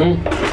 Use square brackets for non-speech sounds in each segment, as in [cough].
Hum.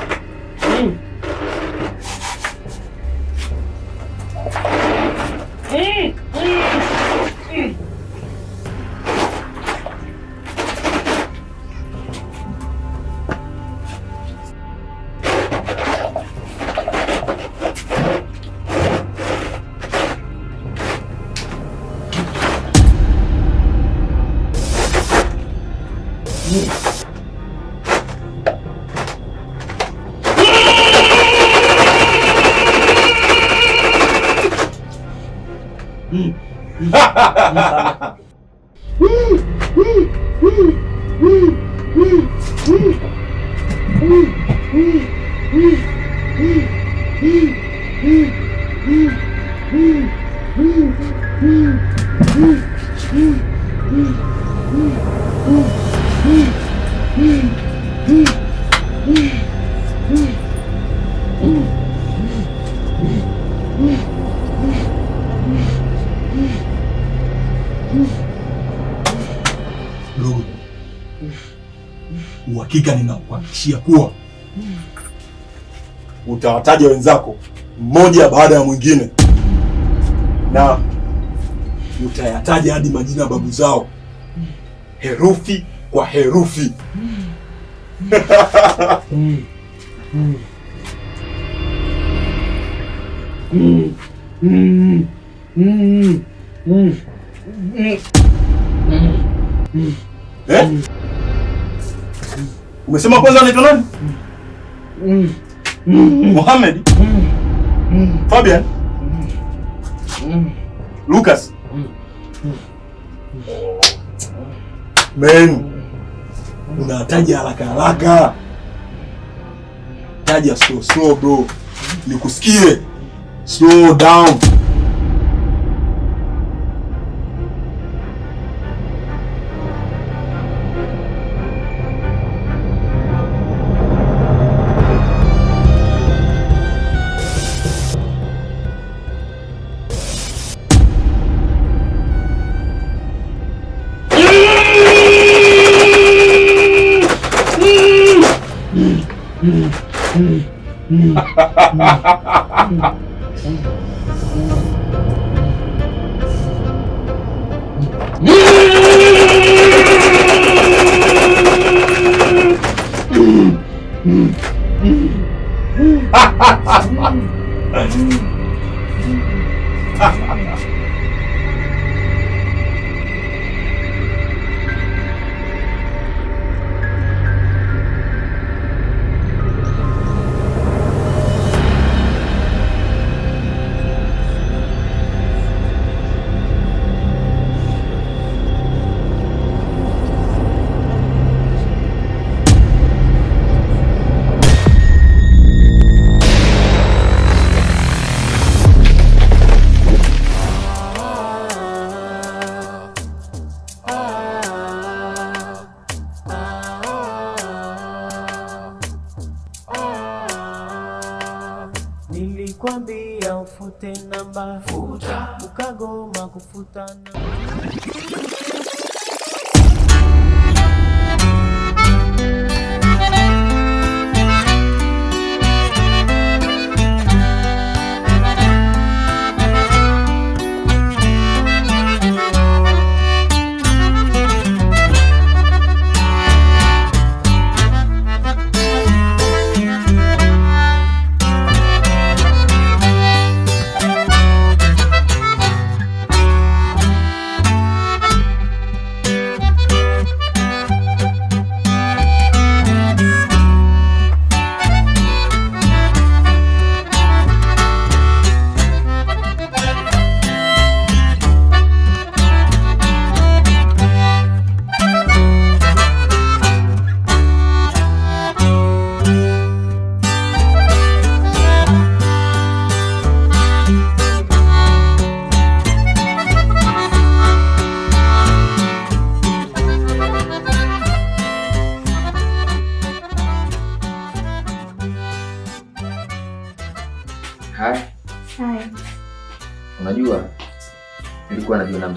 uhakika ninakuhakikishia kuwa utawataja wenzako mmoja baada ya mwingine na utayataja hadi majina ya babu zao herufi kwa herufi. Umesema kwanza anaitwa nani? Mohamed? Fabian? Lucas? Men, unataja haraka haraka, taja slow slow bro, nikusikie. Slow down. 哈哈哈哈哈！你，你，你，哈哈！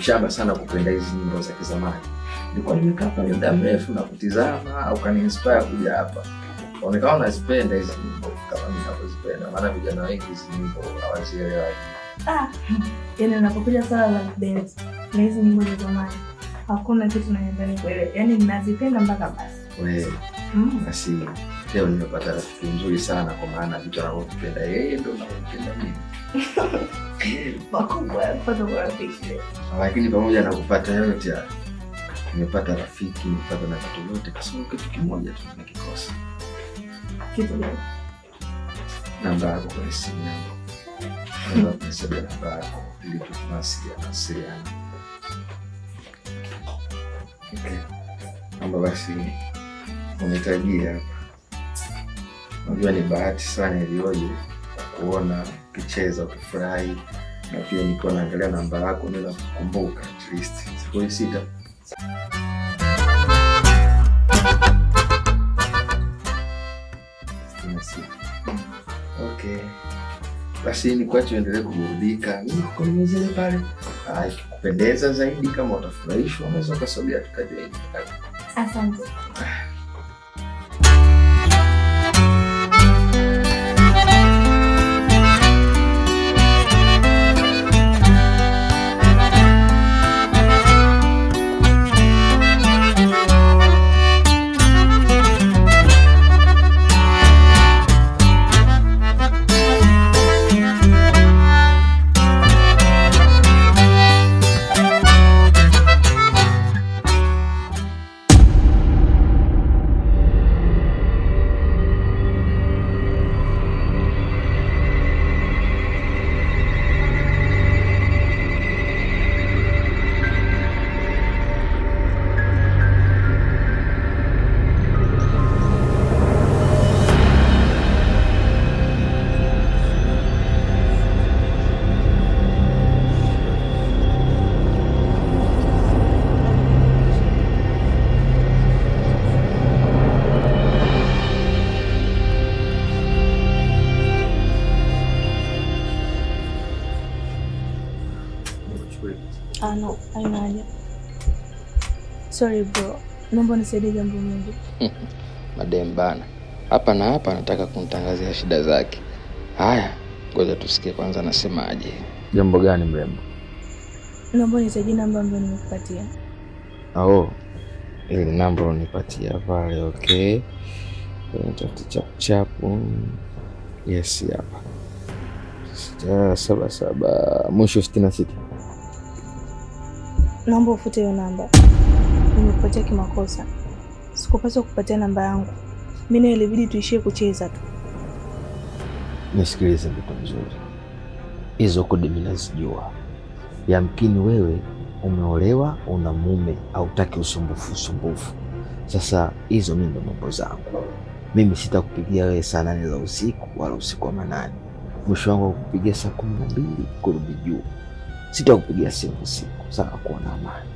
mshaba sana kupenda hizi nyimbo za kizamani. Nilikuwa nimekaa pale muda mrefu na kutizama, ukaniinspire kuja hapa. Onekana nazipenda hizi nyimbo kama ninavyozipenda, maana vijana wengi hizi nyimbo hawazielewa. Ah, yani unapokuja sala la dance na hizi nyimbo za zamani, hakuna kitu naendani kuelewa, yani nazipenda mpaka basi. Wewe mm. Basi leo nimepata rafiki mzuri sana, kwa maana vitu anavyopenda yeye ndio navyovipenda mimi. [laughs] makubwa ya kupata Lakini pamoja na kupata yote haya, nimepata rafiki, nimepata na kitu yote, sababu kitu kimoja tu nakikosa. Kitu gani? Namba yako kwenye simu yangu amba basi umetajia hapa. Unajua ni bahati sana iliyoje kuona kicheza ukifurahi na pia nikiwa naangalia namba yako naweza kukumbuka at least sifuri sita Okay, basi ni kwache uendelee kuburudika zile pale, ah, kupendeza zaidi, kama utafurahishwa unaweza ukasogea tukajua. Asante. Ah. Sorry bro, naomba nisaidie jambo moja. [laughs] Madem bana, hapa na hapa anataka kunitangazia shida zake. Haya, ngoja tusikie kwanza anasemaje. Jambo gani mrembo? Naomba nisaidie namba ambayo nimekupatia. Oh, ile namba unipatia pale. Okay, tafuta chapuchapu. Yes, hapa sita saba mwisho sitini na sita. Naomba ufute hiyo namba nilikupatia kimakosa. Sikupaswa kupatia namba yangu. Mimi na ilibidi tuishie kucheza tu. Nisikilize mtoto mzuri, hizo kodi mimi nazijua. Yamkini wewe umeolewa, una mume, hautaki usumbufu usumbufu. Sasa hizo mimi ndo mambo zangu. Mimi sitakupigia wewe saa nane za usiku wala usiku wa manane. Mwisho wangu akupigia saa kumi na mbili kurudi juu. Sitakupigia simu usiku, saa kuona na amani.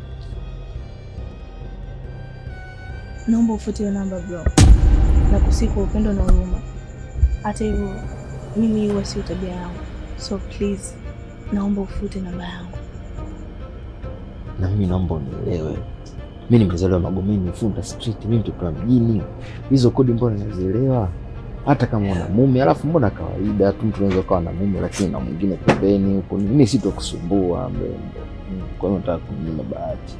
Naomba ufute hiyo namba bro, na kusiku upendo na huruma. Hata hivyo mimi huwa sio tabia yangu, so please, naomba ufute namba yangu. Na mimi naomba unielewe, mi nimezaliwa Magomeni, Funda Street, mi mtoto wa mjini. Hizo kodi mbona nazielewa, hata kama una mume. Alafu mbona kawaida tu mtu unaweza ukawa na mume lakini na mwingine pembeni huko. Mimi sitokusumbua mbembe, kwa hiyo nataka kuninyima bahati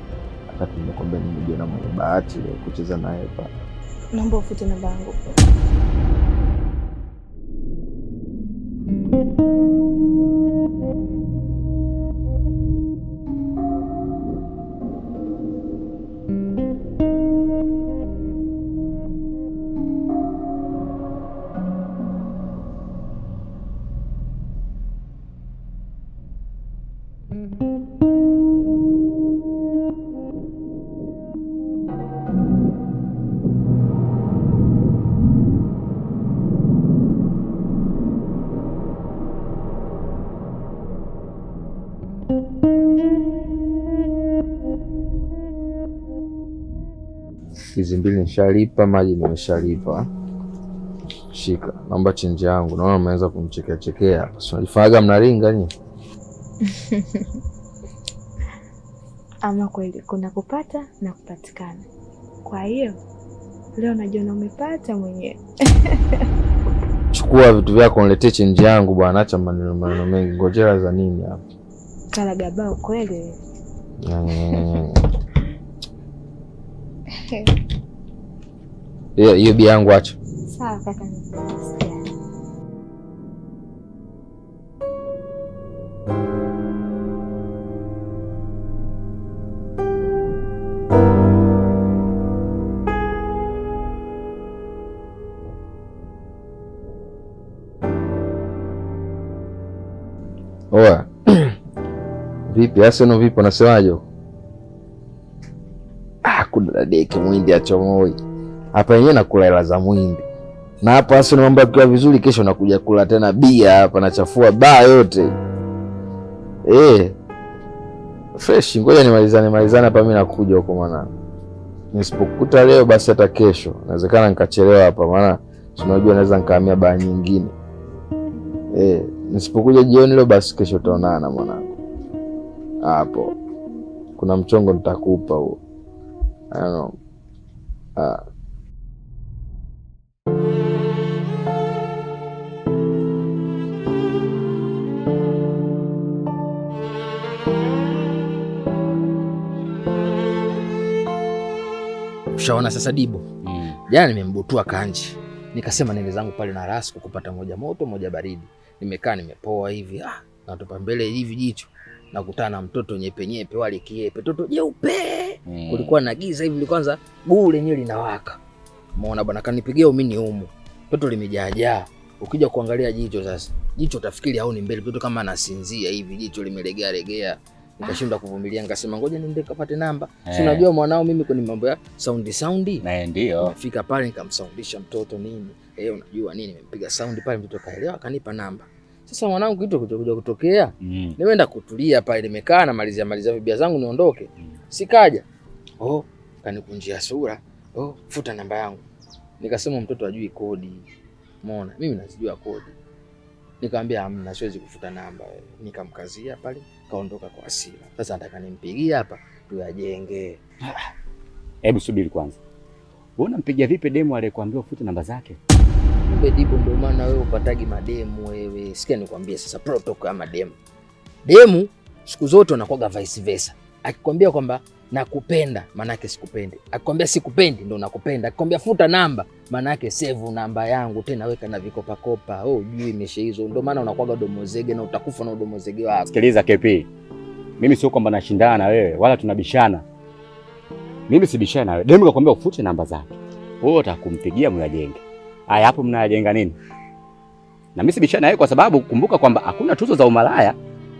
lakini nimekwambia nimejiona mwenye bahati kucheza naye hapa. Naomba ufute namba yangu. mbili nishalipa, maji nimeshalipa. Shika, naomba chenji yangu. Naona umeanza kumchekea chekea hapa, si unajifanyaga mnaringa [laughs] Ama kweli kuna kupata na kupatikana. Kwa hiyo leo najiona umepata mwenyewe. [laughs] Chukua vitu vyako niletee chenji yangu bwana, acha maneno maneno mengi. Ngojera za nini hapa? Kala kweli. Eh. [laughs] hiyo bia yangu acha. Sawa kaka. Oa [clears throat] vipi Aseno, vipi unasemaje? Ah, kuna dadeki mwindi achomoi hapa yenyewe nakula hela za mwindi na hapa hasa, mambo yakiwa vizuri, kesho nakuja kula tena bia hapa, nachafua baa yote eh, fresh. Ngoja nimalizane malizane hapa, mimi nakuja huko, maana nisipokuta leo basi hata kesho inawezekana nikachelewa hapa, maana unajua naweza nikahamia baa nyingine eh. Nisipokuja jioni leo basi kesho tutaonana mwanangu, hapo kuna mchongo nitakupa huo. I don't know. Ah. Ushaona sasa Dibo mm. Jana nimembutua kanji, nikasema nende zangu pale na rasku kupata moja moto moja baridi. Nimekaa nimepoa hivi ah, natopa mbele hivi jicho nakutana na mtoto nyepe nyepe, wale kiepe toto jeupe mm. Kulikuwa na giza hivi, kwanza guu lenyewe linawaka, umeona bwana, kanipigia umini humo, toto limejaajaa. Ukija kuangalia jicho sasa, jicho utafikiri haoni mbele, mtoto kama anasinzia hivi, jicho limelegea legea nikashindwa ah. kuvumilia, nikasema ngoja niende kapate namba Si eh. unajua mwanao mimi kwenye mambo ya saundi saundi, na ndio nafika pale nikamsaundisha mtoto nini, eh, unajua nini, nimempiga saundi pale, mtoto kaelewa, akanipa namba. Sasa mwanangu kitu kuja kutokea mm. nimeenda kutulia pale, nimekaa na malizia malizia vibia zangu niondoke, mm. sikaja oh, kanikunjia sura oh, futa namba yangu. Nikasema mtoto ajui kodi, umeona mimi nazijua kodi. Nikamwambia amna, siwezi kufuta namba. Nikamkazia pale kaondoka kwa hasira. Sasa nataka nimpigie hapa tuyajenge. Hebu subiri kwanza, wewe unampigia vipi demu aliyekuambia ufute namba zake? Kumbe dipo, ndio maana wewe upatagi mademu wewe. Sikia nikwambie sasa protocol ya mademu, demu siku zote unakuwaga vice versa akikwambia kwamba nakupenda, maana yake sikupendi. Akikwambia sikupendi, ndo nakupenda. Akikwambia futa namba, maana yake sevu namba yangu, tena weka na vikopakopa. Oh, jui meshe hizo. Ndo maana unakwaga udomozege na utakufa na udomozege wako. Sikiliza KP, mimi sio kwamba nashindana na wewe wala tunabishana. Mimi sibishana na wewe. Demu kakwambia ufute namba zake, wewe utakumpigia Mwajenge. Aya, hapo mnayajenga nini? Na mimi sibishana na wewe kwa sababu kumbuka kwamba hakuna tuzo za umalaya.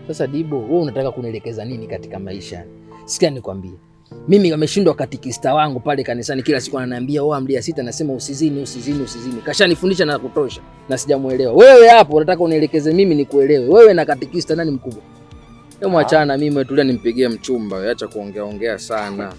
Sasa Dibo, wewe unataka kunielekeza nini katika maisha? Sikia nikwambie. Mimi ameshindwa katikista wangu pale kanisani, kila siku ananiambia oa oh, amlia sita, nasema usizini, usizini, usizini. Kashanifundisha na kutosha na sijamuelewa. Wewe hapo unataka unielekeze mimi nikuelewe. Wewe na katikista nani mkubwa? Hebu ah. achana mimi, tulia nimpigie mchumba, acha kuongea ongea sana.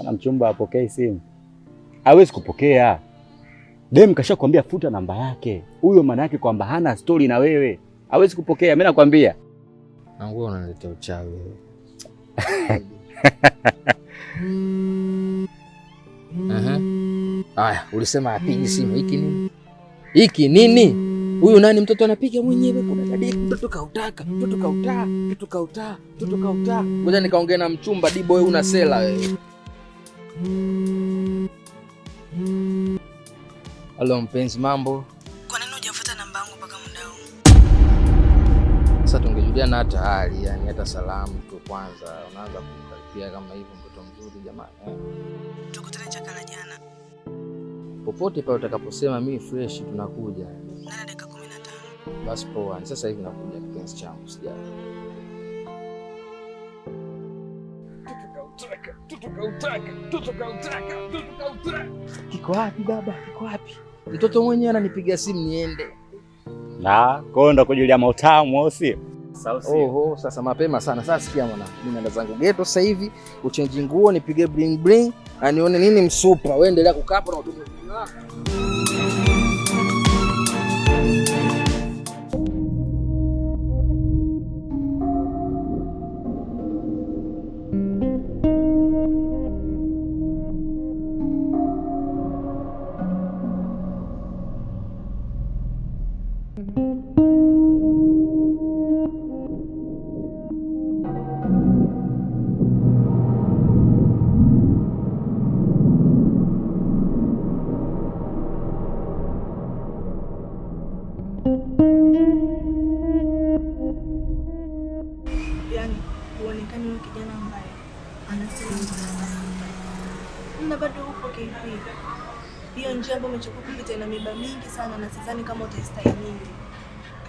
Ana mchumba apokee simu? Hawezi kupokea. Dem kwambia futa namba yake. Huyo maana yake kwamba hana stori na wewe, hawezi kupokea. Mimi nakwambia nangu, unaleta uchawi [laughs] Aya, ulisema apigi simu. Hiki nini? Hiki nini? Huyu nani? Mtoto anapiga mwenyewe, kuna dadi. Mtoto kautaka, mtoto kautaa, mtoto kautaa, mtoto kautaa. Ngoja nikaongea na mchumba. Dibo, wewe una sela wewe. Halo mpenzi, mambo? Kwa nini hujafuta namba yangu mpaka muda huu? Sasa tungejuliana hata hali, yani hata salamu tu kwanza. Unaanza kunikaribia kama hivyo, mtoto mzuri jamani. Eh. Tukutane chakala jana. Popote pale utakaposema mimi fresh tunakuja. Na dakika 15. Basi poa. Sasa hivi nakuja kipenzi changu, sijali. tukautaka, tukautaka, tukautaka, tukautaka. Kiko wapi baba? Kiko wapi? Mtoto mwenyewe ananipiga simu niende na kwao, ndo kujulia mautamu au sio? Oho, sasa mapema sana. Sasa sikia mwana, mimi naenda zangu ghetto sasa hivi, uchenji nguo, nipige bling bling, anione nini msupa. Wewe endelea kukaa hapo na utume wako.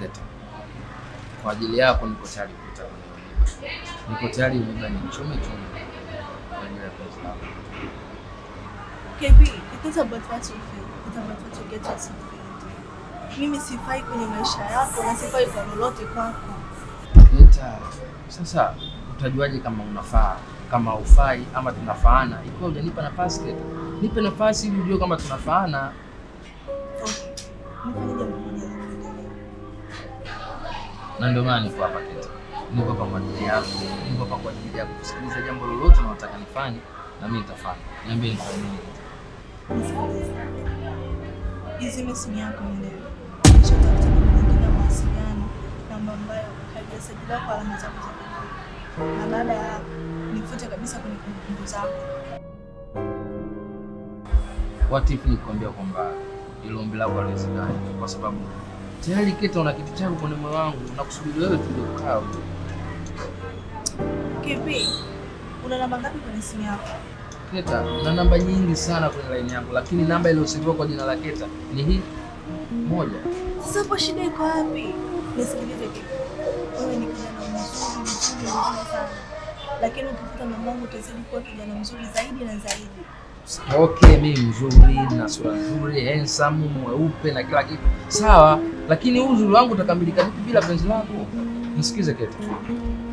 Pete, kwa ajili yako niko tayari kuta kwenye milima, niko tayari milima ni chume chume kwa ajili ya penzi lako. KP, it is about what you feel, it is about what you get yourself into. Mimi sifai kwenye maisha yako na sifai kwa lolote kwako. Nita, sasa utajuaje kama unafaa kama ufai ama tunafaana? Ikiwa hujanipa nafasi, nipe nafasi ili ujue kama tunafaana na ndio maana niko hapa Kete. Niko hapa kwa ajili yako, niko hapa kwa ajili ya kusikiliza jambo lolote unataka nifanye, na mimi nitafanya. Niambie nifanye nini? Hizi message yako ni leo. Kisha tafuta nyingine ya mawasiliano, namba ambayo haijasajiliwa kwa alama za kuzaliwa. Na baada ya nifute kabisa kwenye kumbukumbu zako. What if nikwambia kwamba ilo ombi lako haliwezekani kwa sababu Tayari Keta una kitu changu kwenye moyo wangu na kusubiri wewe tulikukaa. Kipi? Una namba ngapi kwenye simu yako? Keta, na namba nyingi sana kwenye line yangu lakini namba iliyoseviwa kwa jina la Keta ni hii moja. Sasa hapo shida iko wapi? Nisikilize Keta. Wewe ni kijana mzuri mzuri sana. Lakini ukipita na Mungu utazidi kuwa kijana mzuri zaidi na zaidi. Okay, mimi mzuri na sura nzuri, handsome, mweupe na kila kitu sawa, lakini uzuri wangu utakamilika vipi bila penzi lako? Nisikize kitu.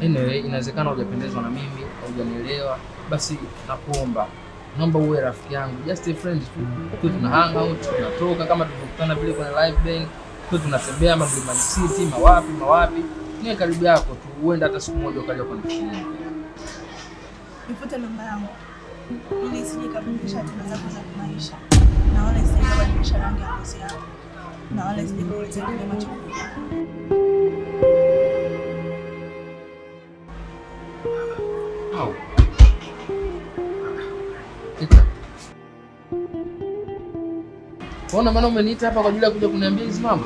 Anyway, inawezekana hujapendezwa na mimi, au hujanielewa. Basi nakuomba, naomba uwe rafiki yangu, just a friend tu. Tuwe tuna hang out, tunatoka kama tulivyokutana vile kwenye live band, tuwe tunatembea Mlimani City, mawapi mawapi, niwe karibu yako tu, uende hata siku moja ukaja kwa nchi. Nipate namba yangu ili isije ikabadilisha hatima zako za kimaisha na wala isije ikabadilisha rangi ya ngozi yako na wala isije kilema cha Ona maana umeniita hapa kwa ajili ya kuja kuniambia hizi mama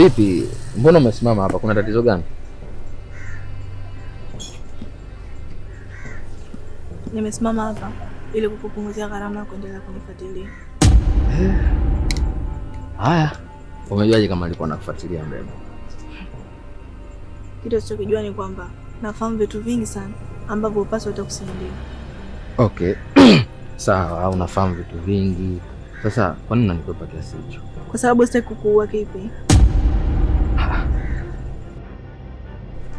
Vipi, mbona umesimama hapa? Kuna tatizo gani? Nimesimama hapa ili kukupunguzia gharama ya kuendelea kunifuatilia. Eh. Haya, umejuaje kama alikuwa anakufuatilia mbele? Kitu sichokijua ni kwamba nafahamu vitu vingi sana ambavyo upasi watakusaidia. Okay. [clears throat] Sawa, unafahamu vitu vingi. Sasa kwa nini unanikwepa kiasi hicho? Kwa sababu sitaki kukuua. Kipi?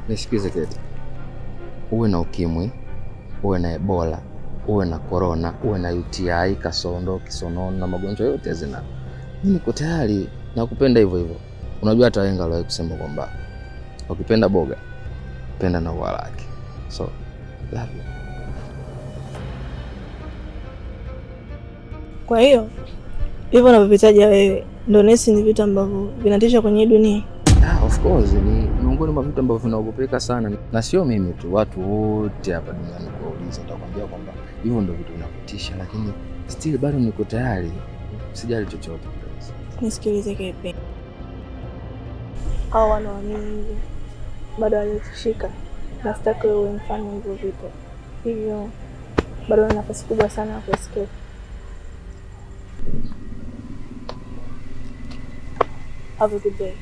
Nisikize Keti, uwe na ukimwi, uwe na Ebola, uwe na korona, uwe na UTI, kasondo, kisonono na magonjwa yote zina, mimi niko tayari na kupenda hivyo hivyo. Unajua hata wenga waliwahi kusema kwamba ukipenda boga penda na ua lake. So love you. Kwa hiyo hivyo unavyovitaja wewe, ndo nesi ni vitu ambavyo vinatisha kwenye dunia course ni miongoni mwa vitu ambavyo vinaogopeka sana, na sio mimi tu, watu wote hapa duniani. Kuwauliza nitakwambia kwamba hivyo ndio vitu vinakutisha, lakini still bado niko tayari, sijali chochote. Nisikilize Kepe, hao wanaamini bado waliotushika, na sitaki wewe mfano hivyo vitu hivyo, bado na nafasi kubwa sana ya kuescape. Have a good day.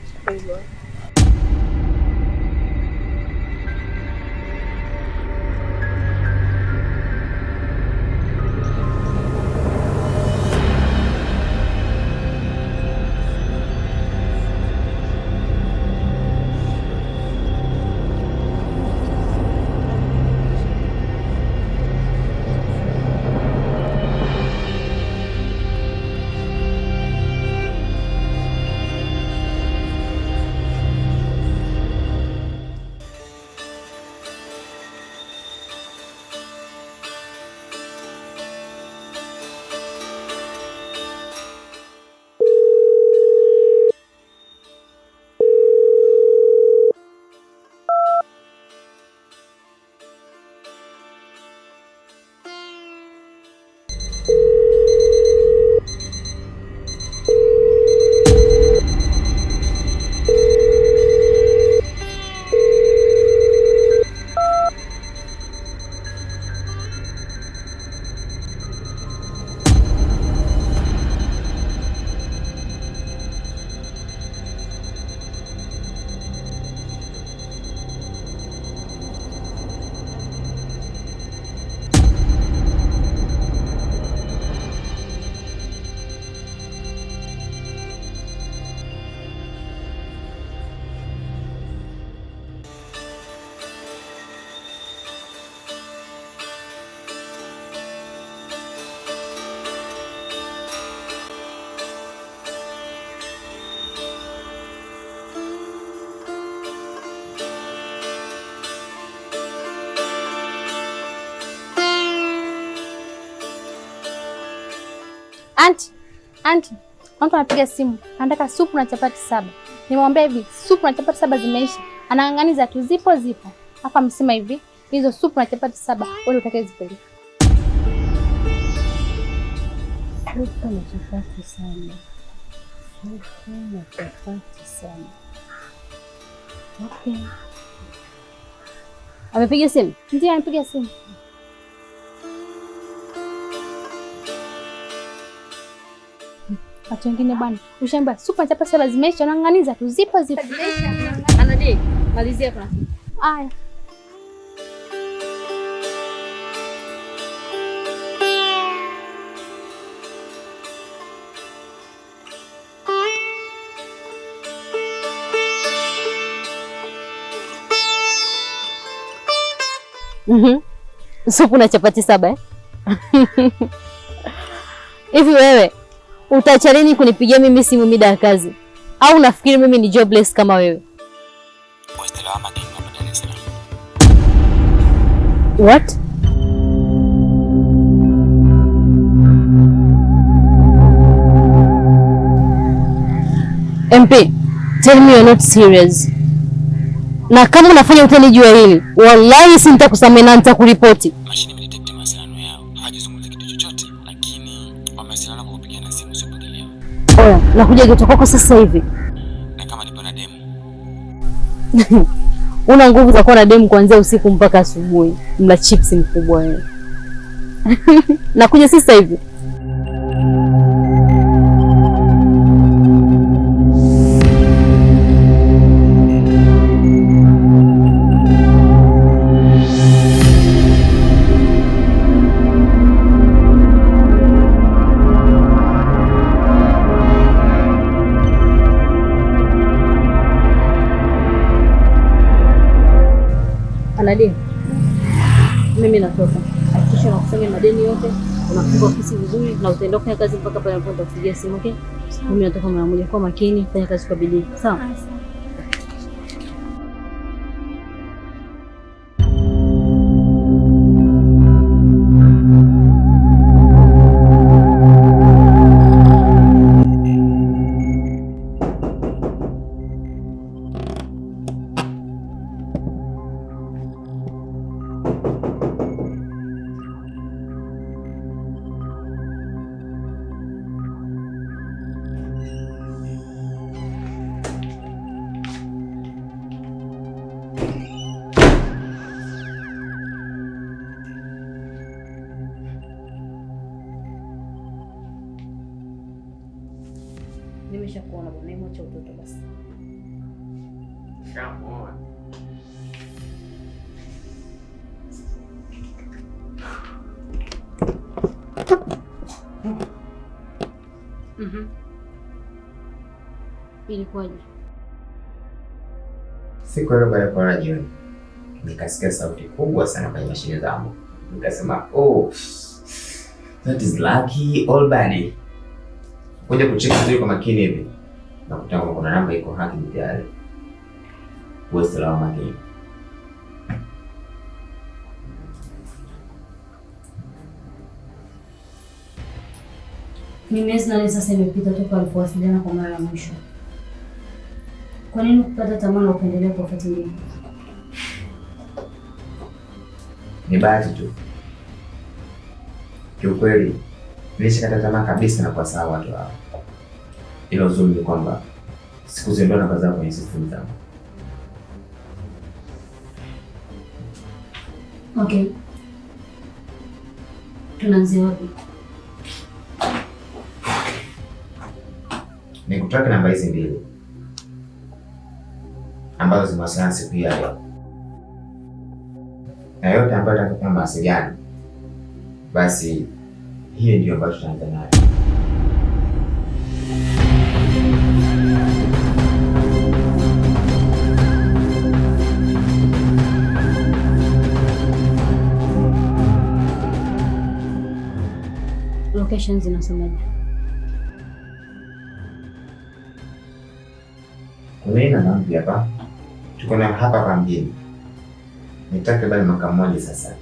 Anti, anti, mtu anapiga simu anataka supu na chapati saba. Nimwambia hivi supu na chapati saba zimeisha, anaanganiza tu, zipo zipo. Hapa msema hivi hizo supu na chapati saba wewe utakaye zipeleka na chapati sana, supu na chapati sana. Okay, amepiga simu? Ndiyo, amepiga simu. Watu wengine bwana, ushaambia supa za pesa zimeisha, naanganiza tu zipo zipo. Anaje, malizia hapo. Aya. Mhm. Supu na chapati saba eh? [laughs] Hivi wewe Utaacha lini kunipigia mimi simu mida ya kazi? Au nafikiri mimi ni jobless kama wewe? What? MP, tell me you're not serious. Na kama unafanya utani jua hili, wallahi sintakusamehe na nitakuripoti. na kuja geto kwako sasa hivi. Na kama nipo na demu [laughs] una nguvu za kuwa na demu kuanzia usiku mpaka asubuhi, mla chipsi mkubwa wewe. [laughs] Nakuja sasa hivi. madeni. Mimi natoka, hakikisha unakusanya madeni yote, unafunga ofisi vizuri, na utaenda kufanya kazi mpaka pale unapoenda kupigia simu. Okay, mimi natoka mara moja. Kwa makini, fanya kazi kwa bidii, sawa? Come on. Mhm. Siku ile baada ya kulala jioni, nikasikia sauti kubwa sana kwenye mashine zangu. Nikasema, oh, that is lucky Albany. Kuja kucheki vizuri kwa makini hivi. Nakuta kuna namba iko haki mtihani uwe salama Kenya. Ni miezi nane sasa imepita toka walipowasiliana kwa mara ya mwisho. Kwa nini kupata tamaa na upendelea kuwafuatilia? Ni bahati tu kiukweli, nilishakata tamaa kabisa na kuwasahau watu hao, ila uzuri ni kwamba sikuziondoa namba zao kwenye simu zangu. Okay. Tunaanzia wapi? namba hizi mbili ambazo zimewasiliana siku hii ya leo, na yote ambayo taka mawasiliano, basi hiyo ndio ambayo tutaanza nayo. Location zinasemaje? Lena na mpi hapa. Tuko na hapa kwa mjini. Ni takriban mwaka mmoja sasa.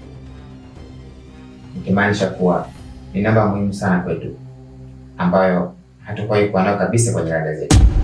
Nikimaanisha kuwa ni namba muhimu sana kwetu ambayo hatukuwahi kuwa nayo kabisa kwenye rada zetu.